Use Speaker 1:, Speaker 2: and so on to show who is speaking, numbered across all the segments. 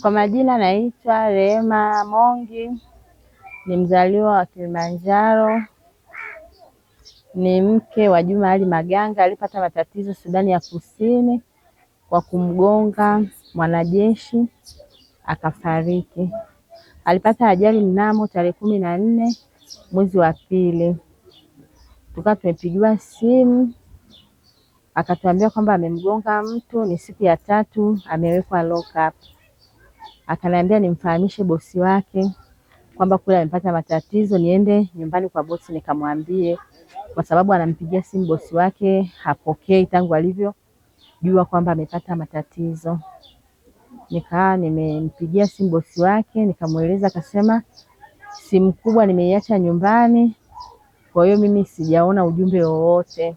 Speaker 1: Kwa majina naitwa Rehema Mongi, ni mzaliwa wa Kilimanjaro, ni mke wa Juma Ali Maganga alipata matatizo Sudani ya Kusini kwa kumgonga mwanajeshi akafariki. Alipata ajali mnamo tarehe kumi na nne mwezi wa pili, tukawa tumepigiwa simu akatuambia kwamba amemgonga mtu, ni siku ya tatu amewekwa lock up akaniambia nimfahamishe bosi wake kwamba kule amepata matatizo, niende nyumbani kwa bosi nikamwambie, kwa sababu anampigia simu bosi wake hapokei tangu alivyojua kwamba amepata matatizo. Nikaa nimempigia simu bosi wake nikamweleza, akasema simu kubwa nimeiacha nyumbani, kwa hiyo mimi sijaona ujumbe wowote.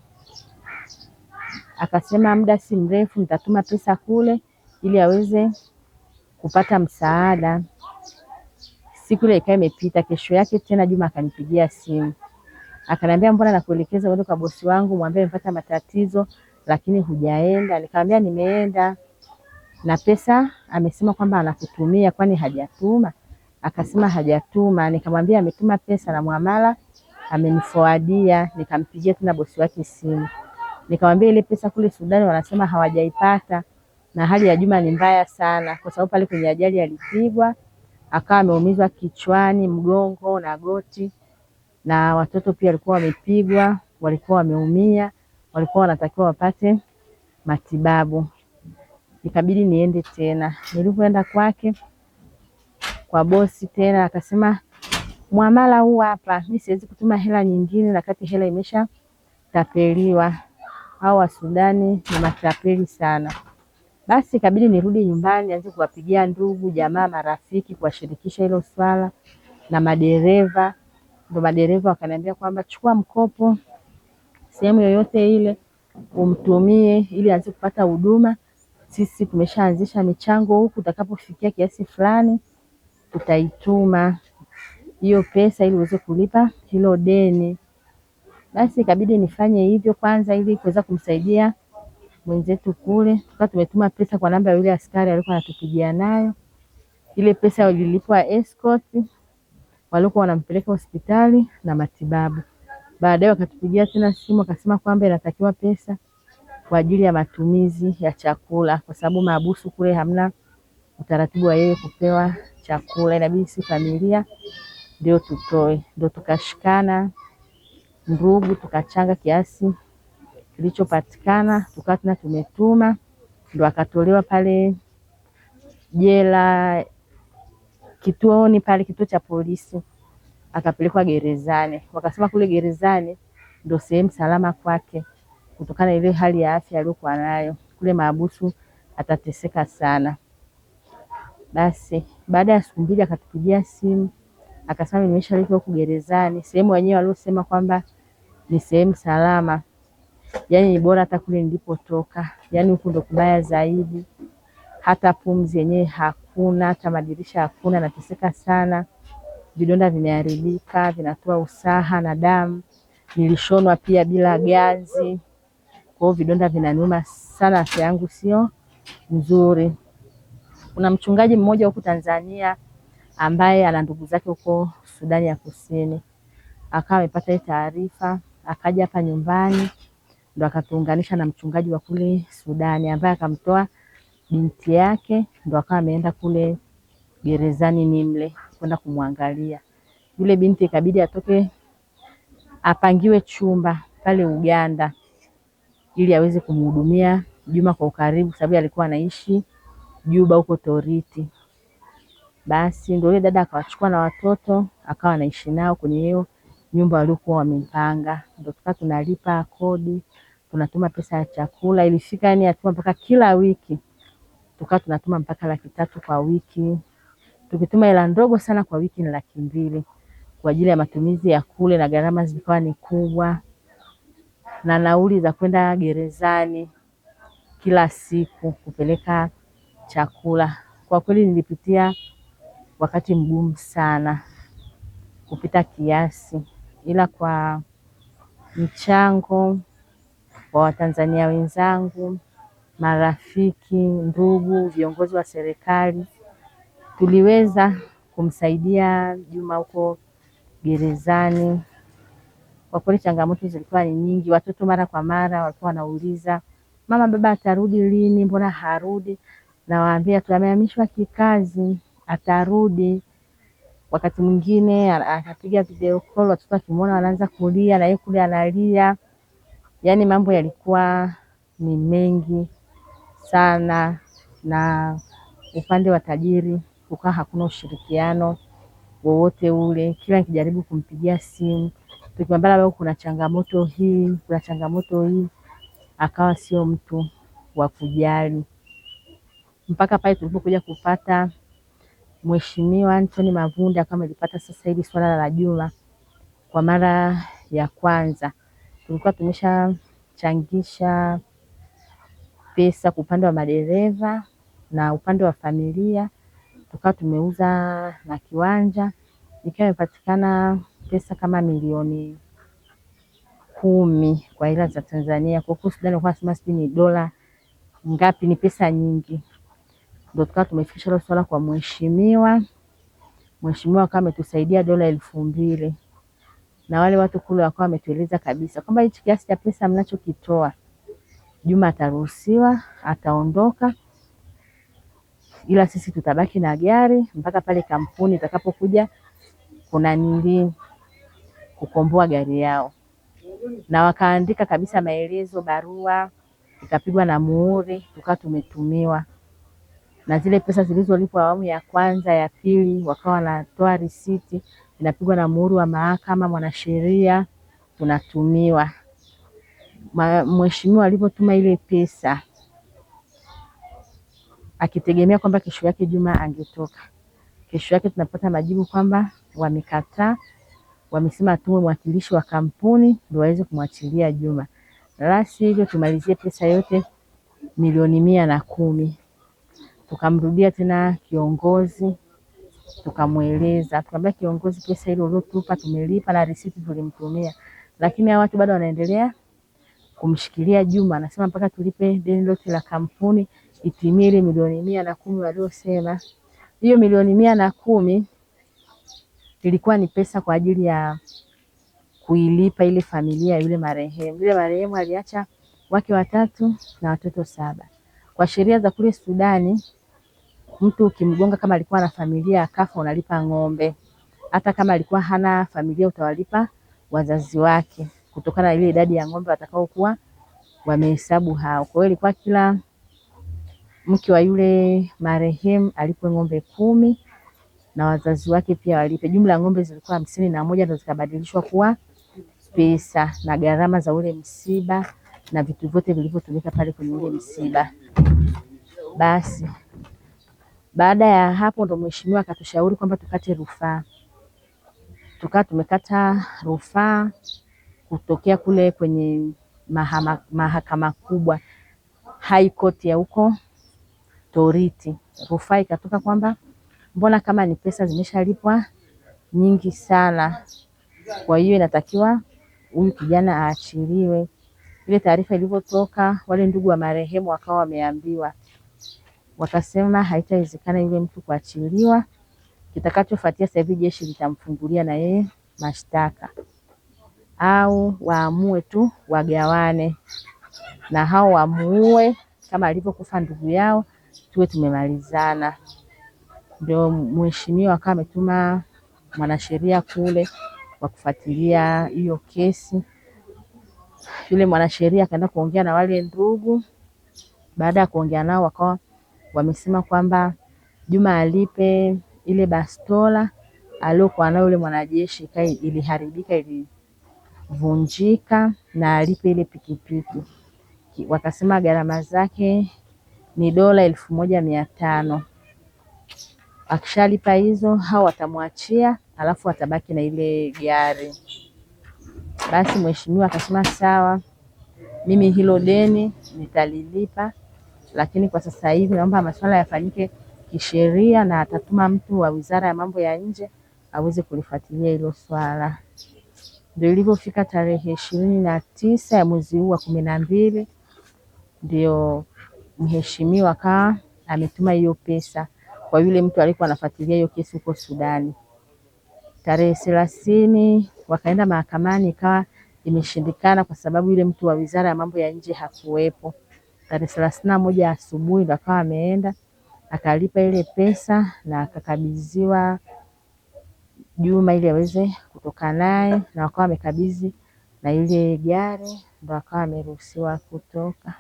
Speaker 1: Akasema muda si mrefu nitatuma pesa kule ili aweze kupata msaada. Siku ile ikawa imepita, kesho yake tena Juma akanipigia simu akaniambia, mbona nakuelekeza uende kwa bosi wangu, mwambie nimepata matatizo lakini hujaenda. Nikamwambia nimeenda na pesa amesema kwamba anakutumia, kwani hajatuma? Akasema hajatuma. Nikamwambia ametuma pesa na mwamala amenifoadia. Nikampigia tena bosi wake simu, nikamwambia ile pesa kule Sudani wanasema hawajaipata, na hali ya Juma ni mbaya sana, kwa sababu pale kwenye ajali alipigwa akawa ameumizwa kichwani, mgongo na goti, na watoto pia walikuwa wamepigwa, walikuwa wameumia, walikuwa wanatakiwa wapate matibabu. Ikabidi niende tena. Nilipoenda kwake kwa bosi tena, akasema mwamala huu hapa, mi siwezi kutuma hela nyingine, na kati hela imesha tapeliwa. Hao Wasudani ni matapeli sana. Basi ikabidi nirudi nyumbani nianze kuwapigia ndugu jamaa, marafiki kuwashirikisha hilo swala na madereva. Ndo madereva wakaniambia kwamba chukua mkopo sehemu yoyote ile umtumie ili aanze kupata huduma. Sisi tumeshaanzisha michango huku, utakapofikia kiasi fulani tutaituma hiyo pesa ili uweze kulipa hilo deni. Basi ikabidi nifanye hivyo kwanza ili kuweza kumsaidia mwenzetu kule, tukawa tumetuma pesa kwa namba ya yule askari alikuwa anatupigia nayo. Ile pesa ilipwa escort walikuwa wanampeleka hospitali na matibabu. Baadaye wakatupigia tena simu akasema kwamba inatakiwa pesa kwa ajili ya matumizi ya chakula, kwa sababu mahabusu kule hamna utaratibu wa yeye kupewa chakula, inabidi si familia ndio tutoe. Ndio tukashikana ndugu, tukachanga kiasi kilichopatikana tukawa tena tumetuma, ndo akatolewa pale jela kituoni pale, kituo cha polisi, akapelekwa gerezani. Wakasema kule gerezani ndo sehemu salama kwake, kutokana na ile hali ya afya aliyokuwa nayo kule maabusu, atateseka sana. Basi baada ya siku mbili akatupigia simu akasema nimeshalipwa huku gerezani, sehemu wenyewe waliosema kwamba ni sehemu salama yani ni bora hata kule nilipotoka, yani huku ndo kubaya zaidi. Hata pumzi yenyewe hakuna, hata madirisha hakuna, nateseka sana. Vidonda vimeharibika, vinatoa usaha na damu. Nilishonwa pia bila ganzi, kwa hiyo vidonda vinaniuma sana, afya yangu sio nzuri. Kuna mchungaji mmoja huku Tanzania ambaye ana ndugu zake huko Sudani ya Kusini, akawa amepata hii taarifa, akaja hapa nyumbani ndo akatuunganisha na mchungaji wa kule Sudani ambaye akamtoa binti yake, ndo akawa ameenda kule gerezani Nimle kwenda kumwangalia yule binti. Ikabidi atoke apangiwe chumba pale Uganda ili aweze kumhudumia Juma kwa ukaribu, sababu alikuwa anaishi Juba huko Toriti. Basi ndio yule dada akawachukua na watoto akawa anaishi nao kwenye hiyo nyumba waliokuwa wamepanga, ndio tukaa tunalipa kodi tunatuma pesa ya chakula, ilifika yani atuma mpaka kila wiki tukawa tunatuma mpaka laki tatu kwa wiki, tukituma hela ndogo sana kwa wiki ni laki mbili kwa ajili ya matumizi ya kule, na gharama zilikuwa ni kubwa, na nauli za kwenda gerezani kila siku kupeleka chakula. Kwa kweli nilipitia wakati mgumu sana kupita kiasi, ila kwa mchango kwa Watanzania wenzangu, marafiki, ndugu, viongozi wa serikali, tuliweza kumsaidia Juma huko gerezani. Kwa kweli changamoto zilikuwa ni nyingi. Watoto mara kwa mara walikuwa wanauliza mama, baba atarudi lini? Mbona harudi? Nawaambia tumehamishwa kikazi, atarudi. Wakati mwingine akapiga video call, watoto akimwona wanaanza kulia, na yeye kule analia. Yaani mambo yalikuwa ni mengi sana, na upande wa tajiri kukawa hakuna ushirikiano wowote ule. Kila nikijaribu kumpigia simu tukiambana, leo kuna changamoto hii, kuna changamoto hii, akawa sio mtu wa kujali, mpaka pale tulipokuja kupata Mheshimiwa Anthony Mavunde, akawa amelipata sasa hili swala la Juma kwa mara ya kwanza tulikuwa tumeshachangisha pesa kwa upande wa madereva na upande wa familia tukawa tumeuza na kiwanja ikiwa imepatikana pesa kama milioni kumi kwa hela za Tanzania. Kwa kuwa Sudani kwa sema sijui ni dola ngapi, ni pesa nyingi. Ndio tukawa tumefikisha hilo swala kwa mheshimiwa, mheshimiwa akawa ametusaidia dola elfu mbili na wale watu kule wakawa wametueleza kabisa kwamba hichi kiasi cha pesa mnachokitoa, Juma ataruhusiwa ataondoka, ila sisi tutabaki na gari mpaka pale kampuni itakapokuja kuna nili kukomboa gari yao, na wakaandika kabisa maelezo, barua ikapigwa na muhuri, tukawa tumetumiwa na zile pesa zilizolipwa awamu ya kwanza ya pili, wakawa wanatoa risiti inapigwa na muhuri wa mahakama, mwanasheria unatumiwa. Mheshimiwa alivyotuma ile pesa akitegemea kwamba kesho yake Juma angetoka. Kesho yake tunapata majibu kwamba wamekataa, wamesema atume mwakilishi wa kampuni ndio waweze kumwachilia Juma, rasi hivyo tumalizie pesa yote milioni mia na kumi. Tukamrudia tena kiongozi tukamweleza, tukamwambia kiongozi, pesa ile uliotupa tumelipa na risiti tulimtumia, lakini hao watu bado wanaendelea kumshikilia Juma, anasema mpaka tulipe deni lote la kampuni itimie ile milioni mia na kumi waliosema. Hiyo milioni mia na kumi ilikuwa ni pesa kwa ajili ya kuilipa ile familia yule marehemu. Yule marehemu aliacha wake watatu na watoto saba. Kwa sheria za kule Sudani Mtu ukimgonga kama alikuwa na familia akafa, unalipa ng'ombe. Hata kama alikuwa hana familia, utawalipa wazazi wake kutokana na ile idadi ya ng'ombe watakaokuwa wamehesabu hao. Kwa hiyo ilikuwa kila mke wa yule marehemu alipwe ng'ombe kumi na wazazi wake pia walipe. Jumla ya ng'ombe zilikuwa hamsini na moja ndo zikabadilishwa kuwa pesa na gharama za ule msiba na vitu vyote vilivyotumika pale kwenye ule msiba basi baada ya hapo ndo mheshimiwa akatushauri kwamba tukate rufaa, tukawa tumekata rufaa kutokea kule kwenye mahama, mahakama kubwa high court ya huko Toriti. Rufaa ikatoka kwamba mbona kama ni pesa zimeshalipwa nyingi sana, kwa hiyo inatakiwa huyu kijana aachiliwe. Ile taarifa ilivyotoka, wale ndugu wa marehemu wakawa wameambiwa wakasema haitawezekana yule mtu kuachiliwa. Kitakachofuatia sasa hivi jeshi litamfungulia na yeye mashtaka au waamue tu wagawane, na hao wamuue kama alivyokufa ndugu yao, tuwe tumemalizana. Ndio mheshimiwa akawa ametuma mwanasheria kule wa kufuatilia hiyo kesi. Yule mwanasheria akaenda kuongea na wale ndugu. Baada ya kuongea nao, wakawa wamesema kwamba Juma alipe ile bastola aliyokuwa nayo yule mwanajeshi, kai iliharibika ilivunjika, na alipe ile pikipiki. Wakasema gharama zake ni dola elfu moja mia tano. Akishalipa hizo hao watamwachia, alafu atabaki na ile gari. Basi mheshimiwa akasema sawa, mimi hilo deni nitalilipa lakini kwa sasa hivi naomba masuala yafanyike kisheria na atatuma mtu wa Wizara ya Mambo ya Nje aweze kulifuatilia hilo swala. Ndio ilivyofika tarehe ishirini na tisa ya mwezi huu wa kumi na mbili ndio mheshimiwa kaa ametuma hiyo pesa kwa yule mtu alikuwa anafuatilia hiyo kesi huko Sudani. Tarehe thelathini wakaenda mahakamani, ikawa imeshindikana kwa sababu yule mtu wa Wizara ya Mambo ya Nje hakuwepo tarehe thelathini na moja asubuhi ndo akawa ameenda akalipa ile pesa na akakabidhiwa Juma ili aweze kutoka naye, na wakawa amekabidhi na ile gari ndo akawa ameruhusiwa kutoka.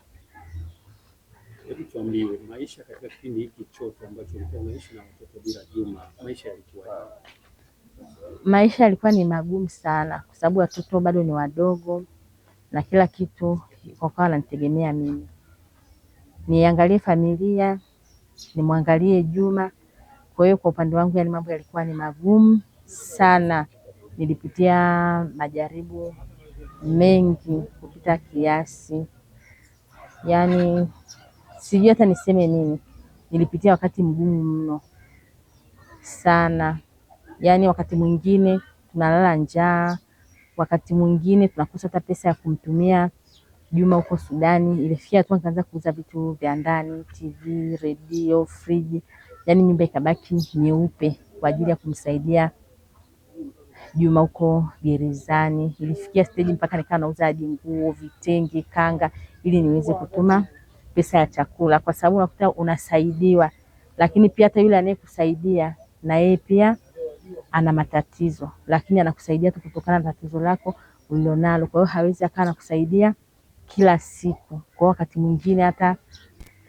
Speaker 1: Hebu tuambie maisha katika kipindi hiki chote ambacho ulikuwa unaishi na bila Juma, maisha yalikuwa
Speaker 2: maisha yalikuwa ni magumu sana, kwa sababu watoto bado ni wadogo na kila kitu wakawa ananitegemea mimi niangalie familia, nimwangalie Juma. Kwa hiyo kwa upande wangu, yani mambo yalikuwa ni magumu sana, nilipitia majaribu mengi kupita kiasi, yani sijui hata niseme nini. Nilipitia wakati mgumu mno sana, yani wakati mwingine tunalala njaa, wakati mwingine tunakosa hata pesa ya kumtumia Juma huko Sudan. Ilifikia hatua nikaanza kuuza vitu vya ndani, TV, redio, friji, yaani nyumba ikabaki nyeupe kwa ajili ya kumsaidia Juma huko gerezani. Ilifikia stage mpaka nikawa nauza hadi nguo, vitenge, kanga ili niweze kutuma pesa ya chakula, kwa sababu unakuta unasaidiwa, lakini pia hata yule anayekusaidia na yeye pia ana matatizo, lakini anakusaidia tu kutokana na tatizo lako ulilonalo. Kwa hiyo hawezi akawa anakusaidia kila siku. Kwa wakati mwingine hata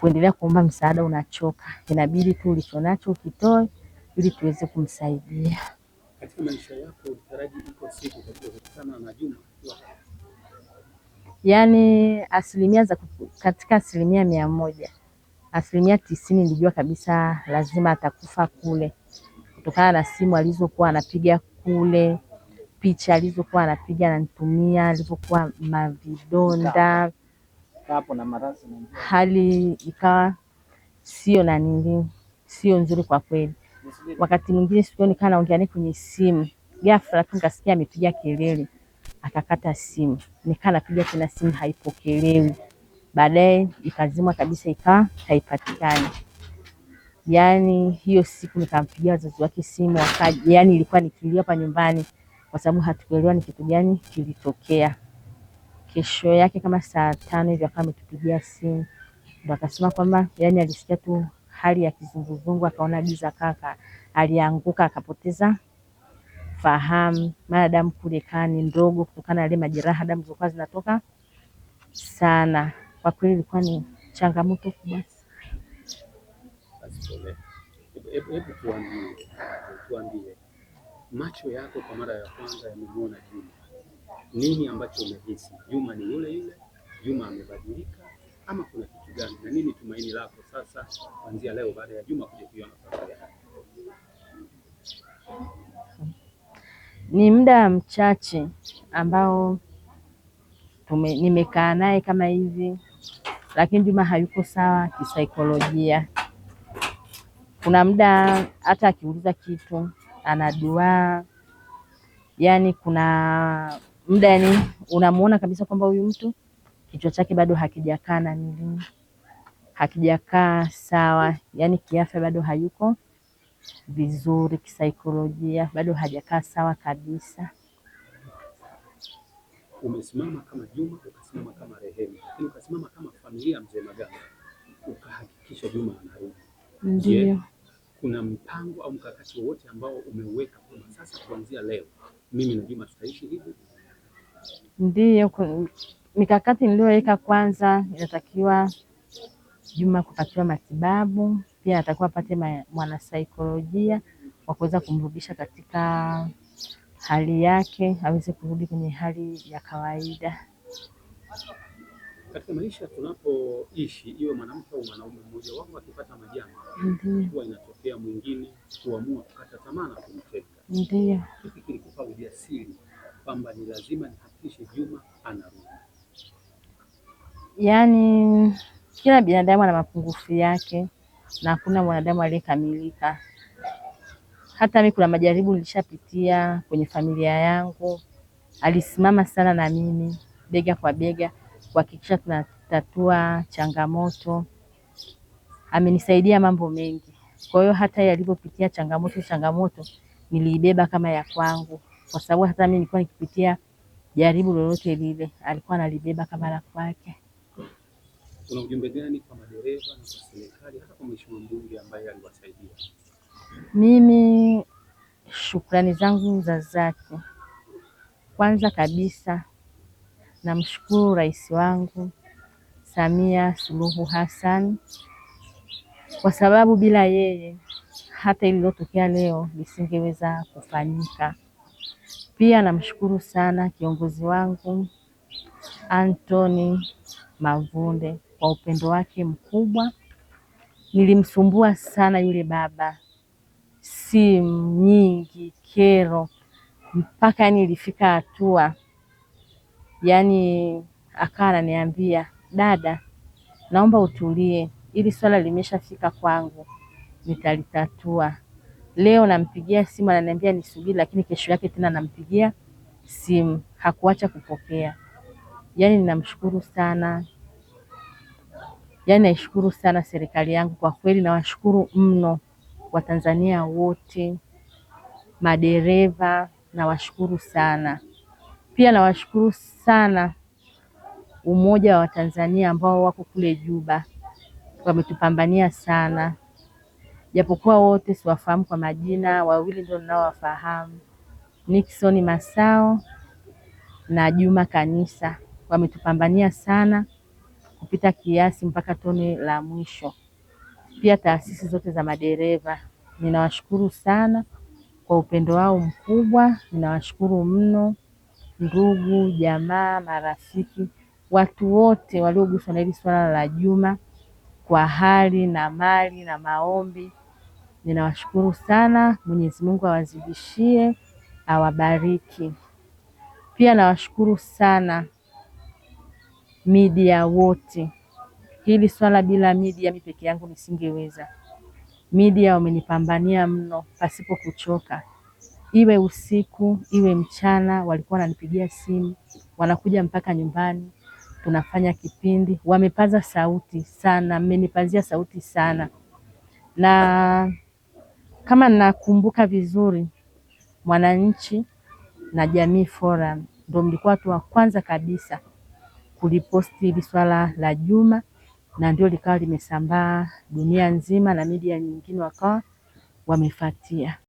Speaker 2: kuendelea kuomba msaada unachoka, inabidi tu ulichonacho ukitoe ili tuweze kumsaidia.
Speaker 1: Katika maisha yako utaraji iko siku kukutana na Juma?
Speaker 2: Yaani asilimia za katika asilimia mia moja asilimia tisini nilijua kabisa lazima atakufa kule, kutokana na simu alizokuwa anapiga kule picha alizokuwa anapiga ananitumia, alivyokuwa mavidonda
Speaker 1: hapo na marazi,
Speaker 2: hali ikawa sio na nini, sio nzuri kwa kweli. Wakati mwingine sikuwa nikaa naongea naye kwenye simu, ghafla tu nikasikia amepiga kelele, akakata simu. Nikaa napiga tena simu, haipokelewi, baadaye ikazimwa kabisa, ikawa haipatikani. yani hiyo siku nikampigia wazazi wake simu wakaja, Yani ilikuwa nikilia hapa nyumbani kwa sababu hatukuelewa ni kitu gani kilitokea. Kesho yake kama saa tano hivyo akawa ametupigia simu, ndo akasema kwamba yani alisikia tu hali ya kizunguzungu, akaona giza kaka, alianguka akapoteza fahamu, maana damu kule ni ndogo, kutokana na ile majeraha damu zilikuwa zinatoka sana. Kwa kweli ilikuwa ni changamoto kubwa.
Speaker 1: Hebu tuambie, tuambie macho yako kwa mara ya kwanza yamemwona Juma, nini ambacho umehisi? Juma ni yule yule? Juma amebadilika ama kuna kitu gani? Na nini tumaini lako sasa kuanzia leo baada ya Juma kuja kuiona safari yake?
Speaker 2: Ni muda mchache ambao tume, nimekaa naye kama hivi, lakini Juma hayuko sawa kisaikolojia. Kuna muda hata akiuliza kitu ana duaa, yaani kuna muda yani unamuona kabisa kwamba huyu mtu kichwa chake bado hakijakaa na nini, hakijakaa sawa, yani kiafya bado hayuko vizuri, kisaikolojia bado hajakaa sawa kabisa.
Speaker 1: Umesimama kama Juma, ukasimama kama Rehema, lakini ukasimama kama familia Mzee Maganga, ukahakikisha Juma anarudi.
Speaker 2: Ndio. yeah
Speaker 1: kuna mpango au mkakati wowote ambao umeuweka kwamba sasa kuanzia leo mimi na Juma tutaishi hivi?
Speaker 2: Ndiyo, mikakati niliyoweka, kwanza inatakiwa Juma kupatiwa matibabu, pia atakuwa apate mwanasaikolojia wa kuweza kumrudisha katika hali yake, aweze kurudi kwenye hali ya kawaida
Speaker 1: katika maisha tunapoishi, iwe mwanamke au mwanaume, mmoja wao akipata majanga huwa inatokea mwingine kuamua kukata tamaa na kumteka. Ndio hiki kilikupa ujasiri kwamba ni lazima nihakikishe Juma anarudi?
Speaker 2: Yaani kila binadamu ana mapungufu yake na hakuna mwanadamu aliyekamilika. Hata mimi kuna majaribu nilishapitia kwenye familia yangu, alisimama sana na mimi bega kwa bega kuhakikisha tunatatua changamoto. Amenisaidia mambo mengi, kwa hiyo hata yalivyopitia changamoto changamoto niliibeba kama ya kwangu, kwa sababu hata mimi nilikuwa nikipitia jaribu lolote lile alikuwa analibeba kama la kwake.
Speaker 1: Kuna ujumbe gani kwa madereva na kwa serikali hata kwa mheshimiwa mbunge ambaye aliwasaidia?
Speaker 2: Mimi shukrani zangu za zake, kwanza kabisa Namshukuru rais wangu Samia Suluhu Hassan kwa sababu bila yeye hata iliyotokea leo lisingeweza kufanyika. Pia namshukuru sana kiongozi wangu Anthony Mavunde kwa upendo wake mkubwa. Nilimsumbua sana yule baba, simu nyingi, kero, mpaka yani ilifika hatua yani akawa ananiambia dada, naomba utulie, ili swala limeshafika kwangu, nitalitatua leo. Nampigia simu ananiambia nisubiri, lakini kesho yake tena nampigia simu hakuacha kupokea. yani ninamshukuru sana, yani naishukuru sana serikali yangu kwa kweli, nawashukuru mno Watanzania wote, madereva nawashukuru sana. Pia nawashukuru sana umoja wa Tanzania ambao wako kule Juba, wametupambania sana, japokuwa wote siwafahamu kwa majina, wawili ndio ninaowafahamu, Nixon Masao na Juma Kanisa. Wametupambania sana kupita kiasi mpaka tone la mwisho. Pia taasisi zote za madereva ninawashukuru sana kwa upendo wao mkubwa, ninawashukuru mno ndugu, jamaa, marafiki, watu wote walioguswa na hili swala la Juma kwa hali na mali na maombi. Ninawashukuru sana. Mwenyezi Mungu awazidishie, awabariki. Pia nawashukuru sana media wote. Hili swala bila media mimi peke yangu nisingeweza. Media wamenipambania mno pasipo kuchoka iwe usiku iwe mchana, walikuwa wananipigia simu, wanakuja mpaka nyumbani, tunafanya kipindi. Wamepaza sauti sana, mmenipazia sauti sana, na kama nakumbuka vizuri, Mwananchi na Jamii Forum ndio mlikuwa watu wa kwanza kabisa kuliposti hili swala la Juma, na ndio likawa limesambaa dunia nzima na media nyingine wakawa wamefuatia.